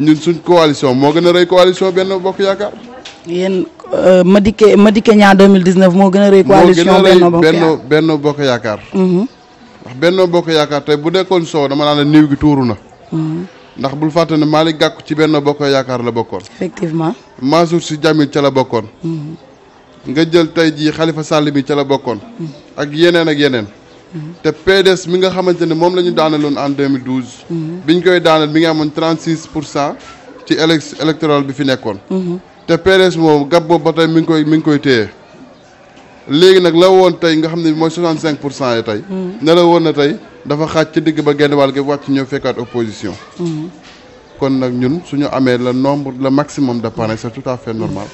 ñun suñ coalition moo gën a rëy coalition benn bokk yaakaar. yéen euh, Madické Madické Niang 2019 moo gën a rëy. coalition benn bokk yaakaar benn bokk yaakaar. ndax benn bokk yaakaar tey bu nekkoon soow dama naan niiw gi tuuru na. Mhm. ndax bul fàtte ne Malick Gakou ci benn bokk yaakaar la bokkoon. effectivement Mansour si Djamil ca la bokkoon. Mhm. nga jël tey jii xalifa Sall bi ca la bokkoon. Mhm. ak yeneen ak yeneen. te PDS mi nga xamante ne moom la ñu daanaloon en 2012. bi ñu koy daanal mi nga amoon 36 pour cent ci élec bi fi nekkoon. te PDS moom gab boobu ba tey mi ngi koy mi ngi koy téye léegi nag la woon tey nga xam ne mooy cinq pour cent yi tey. ne la na tey dafa xaaj ci digg ba genn wàll gi wàcc ñëw fekkaat opposition. Mm-hmm. kon nag ñun suñu amee le nombre le maximum de parrain c'est tout à fait normal.